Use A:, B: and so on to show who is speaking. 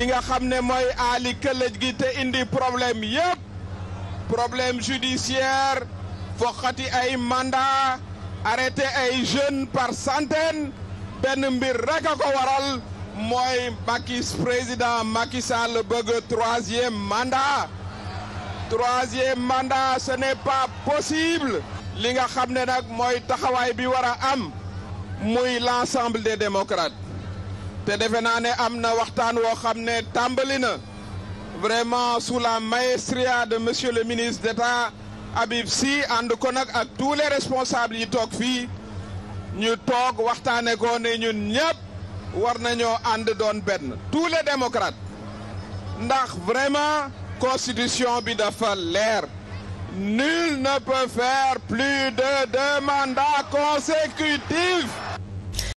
A: li nga xam ne mooy aali këllëj gi te indi problème yëpp problème judiciaire foqati ay mandat arrêté ay jeunes par centaine benn mbir rek a ko waral mooy Macky président Macky Sall bëgg troisième mandat troisième mandat ce n'est pas possible li nga xam ne nag mooy taxawaay bi war a am muy l'ensemble des démocrates te defe naa ne am na waxtaan woo xam ne tàmbali na vraiment sous la maestria de monsieur le ministre d'État Habib si ànd ko nag ak tous les responsables yi toog fii ñu toog waxtaane ko ne ñun ñëpp war nañoo ànd doon benn tous les démocrates ndax vraiment constitution bi dafa leer nul ne peut faire plus de deux mandats